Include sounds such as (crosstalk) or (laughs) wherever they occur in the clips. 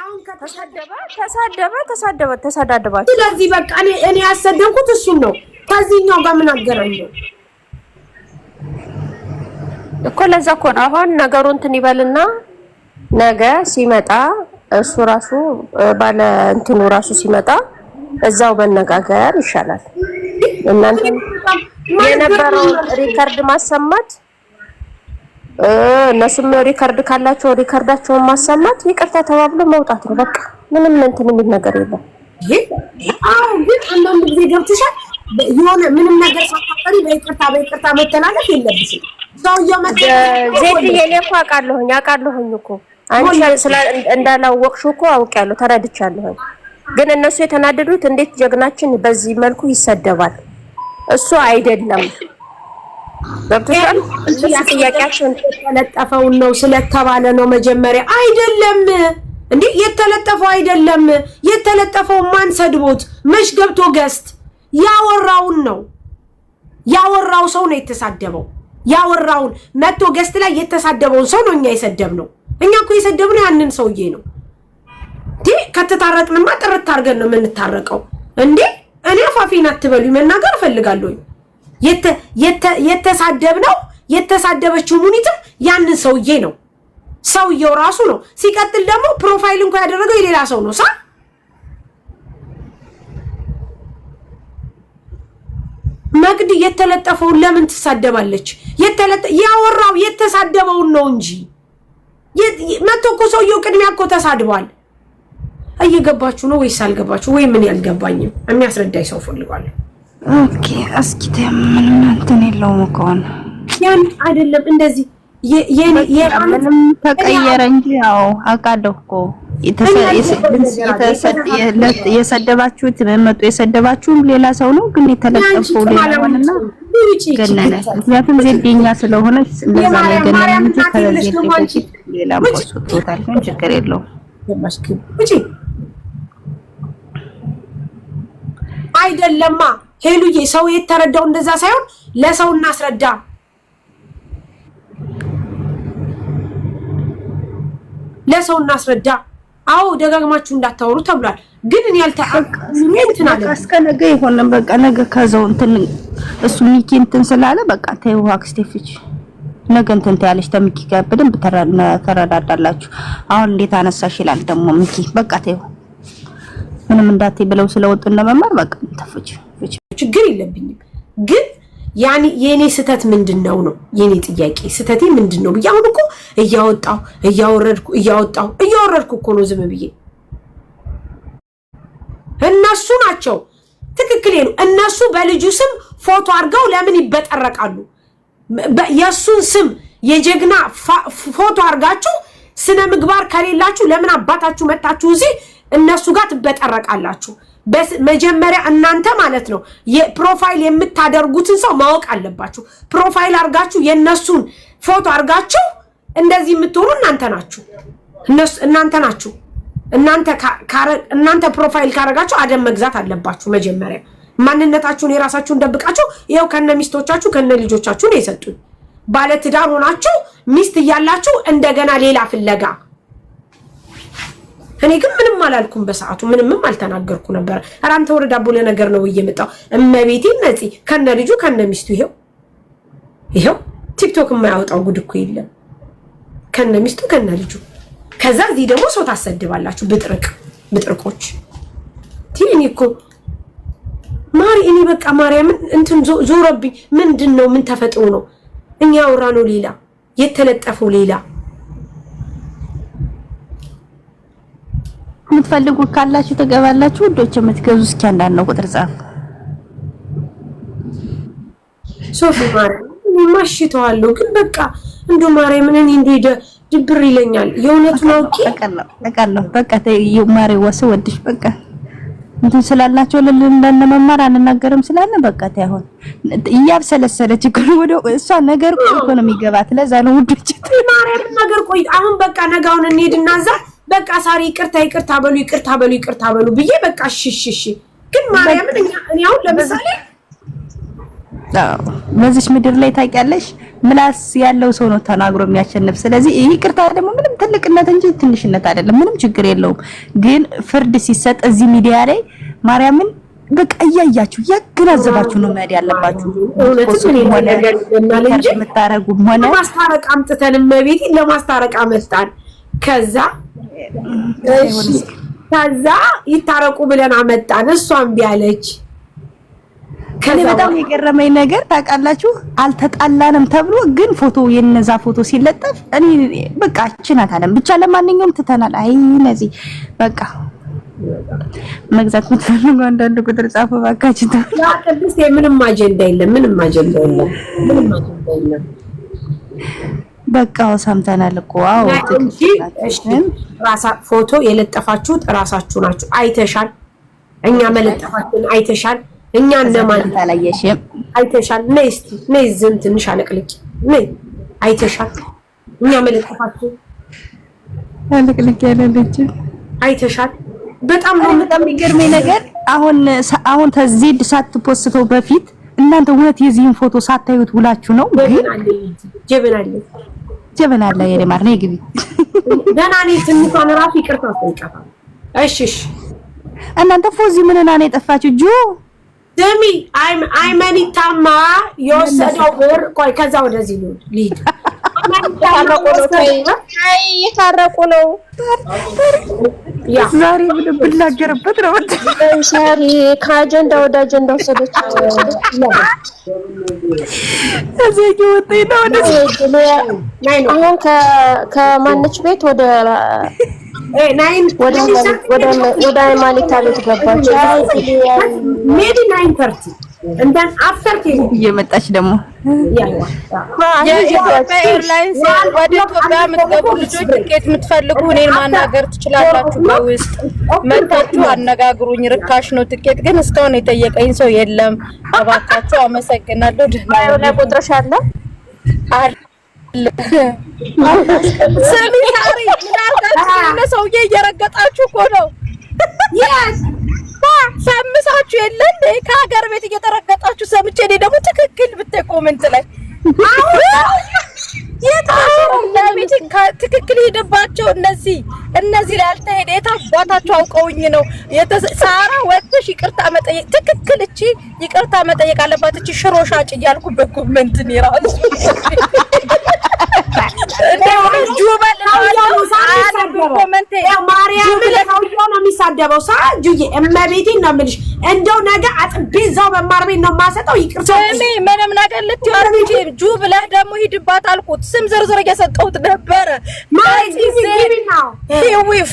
አሁን ከተሳደበ ተሳደበ ተሳደበ ተሳዳደባችሁ። ስለዚህ በቃ እኔ ያሰደንኩት እሱም ነው። ከዚህኛው ጋር ምን አገናኘው እኮ? ለዛ እኮ ነው አሁን ነገሩ እንትን ይበልና ነገ ሲመጣ እሱ ራሱ ባለ እንትኑ ራሱ ሲመጣ እዛው መነጋገር ይሻላል። እናንተ የነበረውን ሪከርድ ማሰማት እነሱም ሪከርድ ካላቸው ሪከርዳቸውን ማሰማት፣ ይቅርታ ተባብሎ መውጣት ነው። በቃ ምንም እንትን የሚል ነገር የለም። አሁን ግን አንዳንድ ጊዜ ገብትሻል የሆነ ምንም ነገር ሳታፈሪ በይቅርታ በይቅርታ መተላለፍ የለብሽም። ሰውየው ዜድዬ፣ እኔ እኮ አውቃለሁኝ አውቃለሁኝ እኮ አንቺ እንዳላወቅሽው እኮ አውቄያለሁ፣ ተረድቻለሁኝ። ግን እነሱ የተናደዱት እንዴት ጀግናችን በዚህ መልኩ ይሰደባል? እሱ አይደለም ጥያቄያችን የተለጠፈውን ነው ስለተባለ ነው መጀመሪያ አይደለም እንዴ? የተለጠፈው አይደለም የተለጠፈው ማን ሰድቦት መች ገብቶ ገስት ያወራውን ነው ያወራው ሰው ነው የተሳደበው። ያወራውን መቶ ገስት ላይ የተሳደበውን ሰው ነው እኛ የሰደብነው። እኛ እኮ የሰደብነው ያንን ሰውዬ ነው እንዴ። ከተታረቅንማ ጥርት አድርገን ነው የምንታረቀው እንዴ። እኔ አፋፌን አትበሉኝ፣ መናገር እፈልጋለሁኝ። የተሳደብ ነው የተሳደበችው ሙኒትም ያንን ሰውዬ ነው። ሰውየው ራሱ ነው። ሲቀጥል ደግሞ ፕሮፋይል እንኳ ያደረገው የሌላ ሰው ነው ሳ መግድ የተለጠፈውን ለምን ትሳደባለች? ያወራው የተሳደበውን ነው እንጂ መቶ እኮ ሰውየው ቅድሚያ እኮ ተሳድቧል። እየገባችሁ ነው ወይስ አልገባችሁ? ወይ ምን ያልገባኝም የሚያስረዳኝ ሰው ፈልጓለሁ። ኦኬ እስኪ ምንም እንትን የለውም እኮ ነው ያን አይደለም። እንደዚህ ምንም ተቀየረ እንጂ ያው አውቃለሁ እኮ የሰደባችሁት መጡ። የሰደባችሁም ሌላ ሰው ነው፣ ግን የተለጠፈው ሌላ ሆነና ገነነ። ምክንያቱም ዜዴኛ ስለሆነች እንደዛ ነው የገነነ እንጂ ሌላ ማስወጥቶታል። ግን ችግር የለውም አይደለማ ሄሉዬ ሰው የተረዳው እንደዛ ሳይሆን ለሰው እናስረዳ። ለሰው እናስረዳ። አዎ ደጋግማችሁ እንዳታወሩ ተብሏል። ግን እኔ ያልተአምኔ እስከ ነገ ይሆንም በቃ ነገ ከዛው እንትን እሱ ሚኪ እንትን ስላለ በቃ ተይው አክስቴ ፍቺ ነገ እንትን ትያለሽ ተሚኪ ጋር በደንብ ተረዳዳላችሁ። አሁን እንዴት አነሳሽ ይላል ደግሞ ሚኪ በቃ ተይው ምንም እንዳትይ ብለው ስለወጡ ለመማር በቃ ተፍቺ ችግር የለብኝም። ግን ያኔ የእኔ ስህተት ምንድን ነው ነው የእኔ ጥያቄ። ስህተቴ ምንድን ነው ብዬ አሁን እኮ እያወጣው እያወረድኩ እያወጣው እያወረድኩ እኮ ነው ዝም ብዬ። እነሱ ናቸው ትክክሌ ነው። እነሱ በልጁ ስም ፎቶ አድርገው ለምን ይበጠረቃሉ? የእሱን ስም የጀግና ፎቶ አድርጋችሁ ስነ ምግባር ከሌላችሁ ለምን አባታችሁ መታችሁ እዚህ እነሱ ጋር ትበጠረቃላችሁ? መጀመሪያ እናንተ ማለት ነው ፕሮፋይል የምታደርጉትን ሰው ማወቅ አለባችሁ። ፕሮፋይል አርጋችሁ የእነሱን ፎቶ አርጋችሁ እንደዚህ የምትሆኑ እናንተ ናችሁ እናንተ ናችሁ። እናንተ ፕሮፋይል ካረጋችሁ አደም መግዛት አለባችሁ። መጀመሪያ ማንነታችሁን የራሳችሁን ደብቃችሁ ይኸው ከነ ሚስቶቻችሁ ከነ ልጆቻችሁ ነው የሰጡኝ። ባለትዳር ሆናችሁ ሚስት እያላችሁ እንደገና ሌላ ፍለጋ እኔ ግን ምንም አላልኩም። በሰዓቱ ምንምም አልተናገርኩ ነበረ። ኧረ አንተ ወረዳ ቦለ ነገር ነው እየመጣው እመቤቴ ነፂ ከነ ልጁ ከነ ሚስቱ ይሄው ይሄው ቲክቶክ የማያወጣው ጉድ እኮ የለም። ከነ ሚስቱ ከነ ልጁ። ከዛ እዚህ ደግሞ ሰው ታሰድባላችሁ። ብጥርቅ ብጥርቆች እኔ እኮ ማሪ እኔ በቃ ማርያምን እንትን ዞረብኝ። ምንድን ነው ምን ተፈጥሮ ነው? እኛ ያወራነው ሌላ የተለጠፈው ሌላ የምትፈልጉ ካላችሁ ትገባላችሁ። ውዶች የምትገዙ እስኪ አንዳንድ ነው ቁጥር ጻፉ። ሶፊ ማርያም ማሽተዋለሁ፣ ግን በቃ እንዶ ማርያምን እኔ እንዶ ድብር ይለኛል። የእውነቱን አውቄ አውቃለሁ። በቃ ማሪ ወስ ወድሽ በቃ እንትን ስላላቸው ልል እንዳለ መማር አንናገርም ስላለ በቃ ታይሆን እያብሰለሰለች ግን ወደ እሷ ነገር እኮ ነው የሚገባት። ለዛ ነው ውዶች ማርያም ነገር ቆይ አሁን በቃ ነጋውን እንሄድና እዛ በቃ ሳሪ ይቅርታ ይቅርታ በሉ ይቅርታ በሉ ይቅርታ በሉ ብዬ በቃ ሽሽሽ ግን ማርያምን እኔ አሁን ለምሳሌ በዚች ምድር ላይ ታውቂያለሽ፣ ምላስ ያለው ሰው ነው ተናግሮ የሚያሸንፍ። ስለዚህ ይህ ይቅርታ ደግሞ ምንም ትልቅነት እንጂ ትንሽነት አይደለም፣ ምንም ችግር የለውም። ግን ፍርድ ሲሰጥ እዚህ ሚዲያ ላይ ማርያምን በቃ እያያችሁ እያገናዘባችሁ ነው መሄድ ያለባችሁ። ሆነ ለማስታረቅ አምጥተን ለማስታረቅ አመጣን ከዛ ከዛ ይታረቁ ብለን አመጣን። እሷ እምቢ ከኔ በጣም የገረመኝ ነገር ታውቃላችሁ፣ አልተጣላንም ተብሎ ግን ፎቶ የነዛ ፎቶ ሲለጠፍ እኔ በቃ ችናት አለም ብቻ ለማንኛውም ትተናል። አይ እነዚህ በቃ መግዛት የምትፈልጉ አንዳንድ ቁጥር ጻፈ ባካችን። ቅድስት ምንም አጀንዳ የለም፣ ምንም አጀንዳ የለም። በቃ ሰምተናል እኮ አዎ። ፎቶ የለጠፋችሁት እራሳችሁ ናችሁ። አይተሻል፣ እኛ መለጠፋችን አይተሻል። እኛ እንደማን አላየሽም? አይተሻል። ነይ እስኪ ነይ፣ ዝም ትንሽ አለቅልቂ። ነይ አይተሻል። እኛ መለጠፋችሁ አለቅልቂ ያላለችን አይተሻል። በጣም ነው በጣም የሚገርመኝ ነገር አሁን አሁን ተዜድ ሳትፖስተው በፊት እናንተ እውነት የዚህን ፎቶ ሳታዩት ውላችሁ ነው? ግን ጀብናለች ጀበናላ ማር ነው ግቢ ደህና ነኝ። ትንሿን እራሱ ይቅርታ አስጠይቃታለሁ። እሺ እሺ። እናንተ ፎዚ ምን እና ነው የጠፋችው? ጆ ስሚ፣ አይመኒ ታማ የወሰደው ብር ቆይ፣ ከዛ ወደዚህ ልሂድ። የታረቁ ነው ዛሬ ምን ብናገርበት ነው? ዛሬ ከአጀንዳ ወደ አጀንዳ ወሰደች። አሁን ከማነች ቤት ወደ ወደ ወደ ማሊታ ቤት ገባች። ሜዲ ናይን ፐርቲ እንትን አፍተር ኬዝ እየመጣች ደግሞ የኢትዮጵያ ኤርላይንስ ወደ ኢትዮጵያ የምትገቡ ልጆች ትኬት የምትፈልጉ እኔን ማናገር ትችላላችሁ። በውስጥ መታችሁ አነጋግሩኝ። ርካሽ ነው ትኬት ግን እስካሁን የጠየቀኝ ሰው የለም። እባካችሁ አመሰግናለሁ። ደህና ነው። ቁጥርሽ አለ ስሚ ታሪ ምናልባት (laughs) ሰውዬ እየረገጣችሁ እኮ ነው ሰምሳችሁ የለ ከሀገር ቤት እየተረገጣችሁ ሰምቼ እኔ ደግሞ ትክክል ብታይ ኮመንት ላይ ትክክል ሄደባቸው እነዚህ እነዚህ ላይ አልተሄደ የት አባታቸው አውቀውኝ ነው። ሳራ ወጥሽ ይቅርታ መጠየቅ ትክክል እቺ ይቅርታ መጠየቅ አለባት። እቺ ሽሮ ሻጭ እያልኩ በኮመንት እኔ እራሱ ነው የሚሳደበው። ሳ ጁዬ እመቤቴን ነው የምልሽ። እንደው ነገ አጥቤ እዛው መማር ቤት ነው የማሰጠው። ይቅርታ ምንም ነገር ልትይዋት ጁ ብለህ ደግሞ ሂድባት አልኩት። ስም ዝርዝር እየሰጠሁት ነበረ።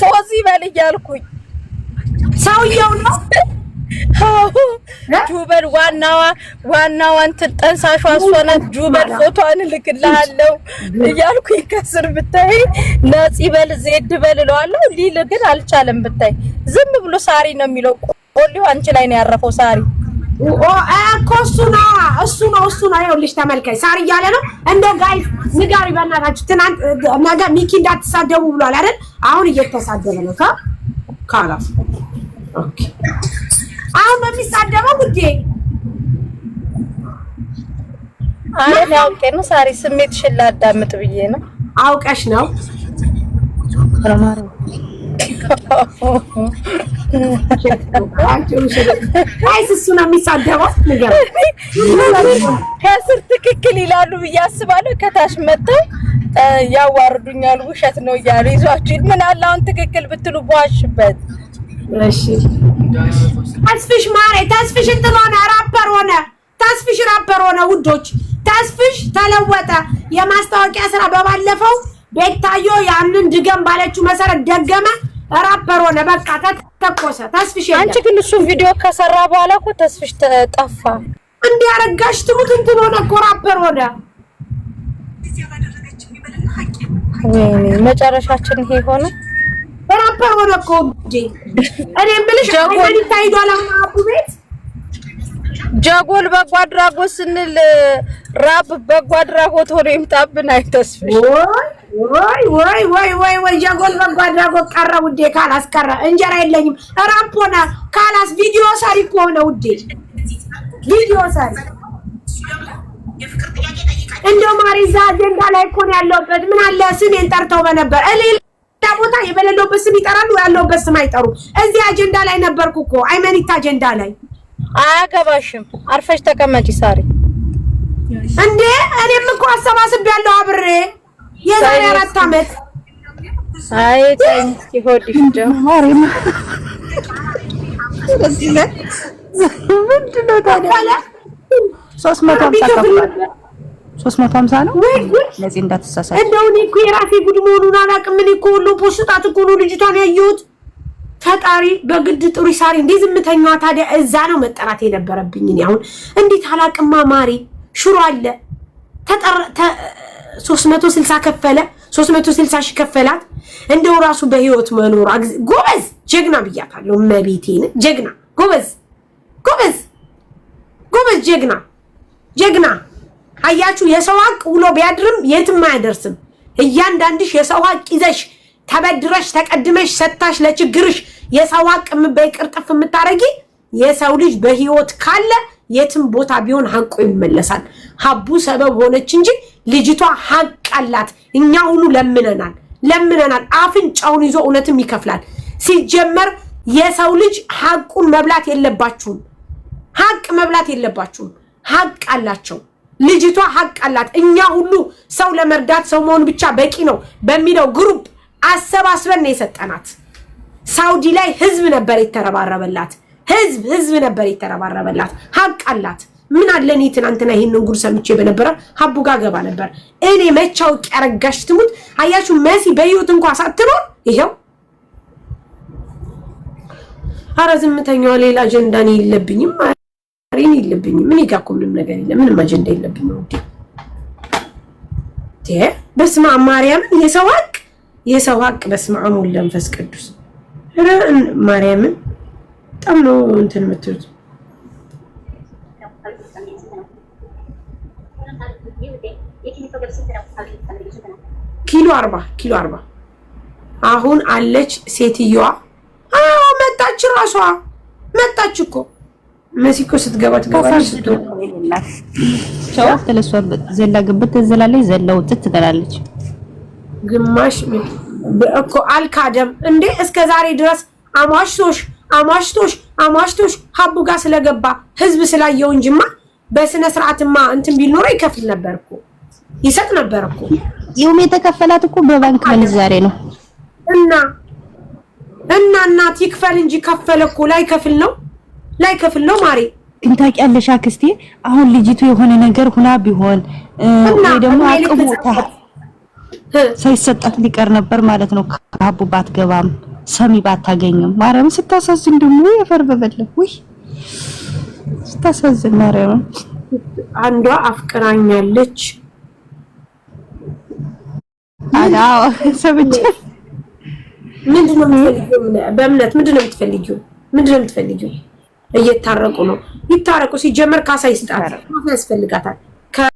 ፎዚ በል እያልኩኝ ሰውዬው ነው ጁበል ዋናዋ ዋናዋ እንትን ጠንሳሿ እሷ ናት። ጁበል ፎቶዋን እልክልሃለሁ እያልኩኝ ከስር ብታይ ነጽ ይበል ዜድ በል እለዋለሁ። ሊል ግን አልቻለም። ብታይ ዝም ብሎ ሳሪ ነው የሚለው። ቆሊው አንቺ ላይ ነው ያረፈው። ሳሪ እኮ እሱ ነው እሱ ነው እሱ ነው። ይኸውልሽ ተመልከች፣ ሳሪ እያለ ነው እንደ ጋይ ንጋሪ። በእናታችሁ ትናንት ነገ ሚኪ እንዳትሳደቡ ብሏል አይደል? አሁን እየተሳደበ ነው። ካላ ኦኬ አሁን በሚሳደበው ጉዴ አሁን አውቄ ነው ሳሪ፣ ስሜትሽን ላዳምጥ ብዬ ነው። አውቀሽ ነው ወይስ እሱ ነው የሚሳደበው? ከስር ትክክል ይላሉ ብዬ አስባለሁ። ከታች መጥተው ያዋርዱኛል፣ ውሸት ነው እያሉ ይዟችሁ ምን አለ አሁን ትክክል ብትሉ በዋሽበት። ተስፍሽ ማሬ ተስፍሽ እንትን ሆነ ራፐር ሆነ ተስፍሽ ራፐር ሆነ ውዶች ተስፍሽ ተለወጠ የማስታወቂያ ስራ በባለፈው ቤታዮ ያንን ድገም ባለችው መሰረት ደገመ ራፐር ሆነ በቃ ተተኮሰ ተስፍሽ አንቺ ግን እሱ ቪዲዮ ከሰራ በኋላ እኮ ተስፍሽ ጠፋ እንዲያረጋሽ ትሙት እንትን ሆነ እኮ ራፐር ሆነ መጨረሻችን ይሄ ሆነ ራፐር ሆነ እኮ እኔ የምልሽ ታሂዷል አቡ ቤት ጀጎል በጎ አድራጎት ስንል ራብ በጎ አድራጎት ሆኖ ይምጣብን። አይተስፍሽ ወይ ወይ ወይ ወይ ወይ ጀጎል በጎ አድራጎት ቀረ ውዴ። ካላስ ቀረ እንጀራ የለኝም። ራብ ሆነ ካላስ ቪዲዮ ሰሪ እኮ ሆነ ውዴ። ቪዲዮ ሰሪ እንደው ማሪዛ አጀንዳ ላይ እኮ ነው ያለሁበት። ምን አለ ስሜን ጠርተው በነበር በመጣ ቦታ የበለለውበት ስም ይጠራሉ፣ ያለውበት ስም አይጠሩ። እዚህ አጀንዳ ላይ ነበርኩ እኮ አይመኒት አጀንዳ ላይ። አያገባሽም፣ አርፈሽ ተቀመጪ ሳሪ። እንዴ እኔም እኮ አሰባስብ ያለው አብሬ የዛሬ አራት አመት አይ ሆድሽ ምንድነው ታዲያ ሶስት መቶ ሀምሳ ነው። ለዚህ እንዳትሳሳት እንደው እኔ እኮ የራሴ ጉድ መሆኑን ሁሉ ፖስጣት እኮ ነው ልጅቷን ያየሁት። ፈጣሪ በግድ ጥሩ ሳሪ እንዴ ዝምተኛዋ ታዲያ እዛ ነው መጠራት የነበረብኝ። እኔ አሁን እንዴት አላቅማ ማሪ ሽሮ አለ ተጠረ 360 ከፈለ 360 ሺህ ከፈላት። እንደው ራሱ በህይወት መኖር ጎበዝ ጀግና ብያታለሁ። መቤቴን ጀግና ጎበዝ ጎበዝ ጎበዝ ጀግና ጀግና። አያችሁ የሰው ሀቅ ውሎ ቢያድርም የትም አያደርስም። እያንዳንድሽ የሰው ሀቅ ይዘሽ ተበድረሽ ተቀድመሽ ሰጥታሽ ለችግርሽ የሰው ሀቅ የምበይ የምታረጊ የሰው ልጅ በህይወት ካለ የትም ቦታ ቢሆን ሀንቆ ይመለሳል። ሀቡ ሰበብ ሆነች እንጂ ልጅቷ ሀቅ አላት። እኛ ሁሉ ለምነናል ለምነናል። አፍንጫውን ይዞ እውነትም ይከፍላል። ሲጀመር የሰው ልጅ ሀቁን መብላት የለባችሁም። ሀቅ መብላት የለባችሁም። ሀቅ አላቸው። ልጅቷ ሀቅ አላት። እኛ ሁሉ ሰው ለመርዳት ሰው መሆን ብቻ በቂ ነው በሚለው ግሩፕ አሰባስበን ነው የሰጠናት። ሳውዲ ላይ ህዝብ ነበር የተረባረበላት። ህዝብ ህዝብ ነበር የተረባረበላት። ሀቅ አላት። ምን አለ እኔ ትናንትና ይሄንን ጉድ ሰምቼ በነበረ ሀቡ ጋ ገባ ነበር እኔ መቻውቅ ያረጋሽ ትሙት። አያችሁ መሲ በህይወት እንኳ ሳትኖር ይሄው። አረ ዝምተኛዋ ሌላ አጀንዳ እኔ የለብኝም፣ ሬን የለብኝም። እኔ ጋ እኮ ምንም ነገር የለም፣ ምንም አጀንዳ የለብኝም። ውዴ ዴ በስማ ማርያምን የሰው ሀቅ የሰው ሀቅ በስመአብ ወወልድ ወመንፈስ ቅዱስ ረ ማርያምን በጣም ነው እንትን የምትሉት። ኪሎ አርባ ኪሎ አርባ አሁን አለች ሴትዮዋ። አዎ መጣች፣ ራሷ መጣች እኮ መሲኮ ስትገባ ትገባለች። ስትወጣ ስለሷ ዘላ ግብት ትዘላለች፣ ዘላ ውጥት ትገላለች። ግማሽ እኮ አልካደም እንዴ እስከ ዛሬ ድረስ አሟሽቶሽ አሟሽቶሽ አሟሽቶሽ ሀቡ ጋር ስለገባ ህዝብ ስላየው እንጂማ በስነ ስርዓትማ እንትን ቢኖረ ይከፍል ነበር እኮ ይሰጥ ነበር እኮ። ይሁም የተከፈላት እኮ በባንክ ምንዛሬ ነው። እና እና እናት ይክፈል እንጂ ከፈለ እኮ ላይ ከፍል ነው ላይ ከፍል ነው ማሬ ግን ታውቂያለሽ አክስቴ፣ አሁን ልጅቱ የሆነ ነገር ሁና ቢሆን ወይ ደግሞ አቅሙ ሳይሰጣት ሊቀር ነበር ማለት ነው። ከአቡ ባትገባም ሰሚ ባታገኝም ማርያም ስታሳዝን ደግሞ የፈርበበለ ውይ ስታሳዝን ማርያም አንዷ አፍቅራኛለች አዳ ሰብጭ ምንድነው የምትፈልጊው? በእምነት ምንድነው የምትፈልጊው? ምንድነው የምትፈልጊው? እየታረቁ ነው። ይታረቁ። ሲጀመር ካሳ ይስጣት። ያስፈልጋታል።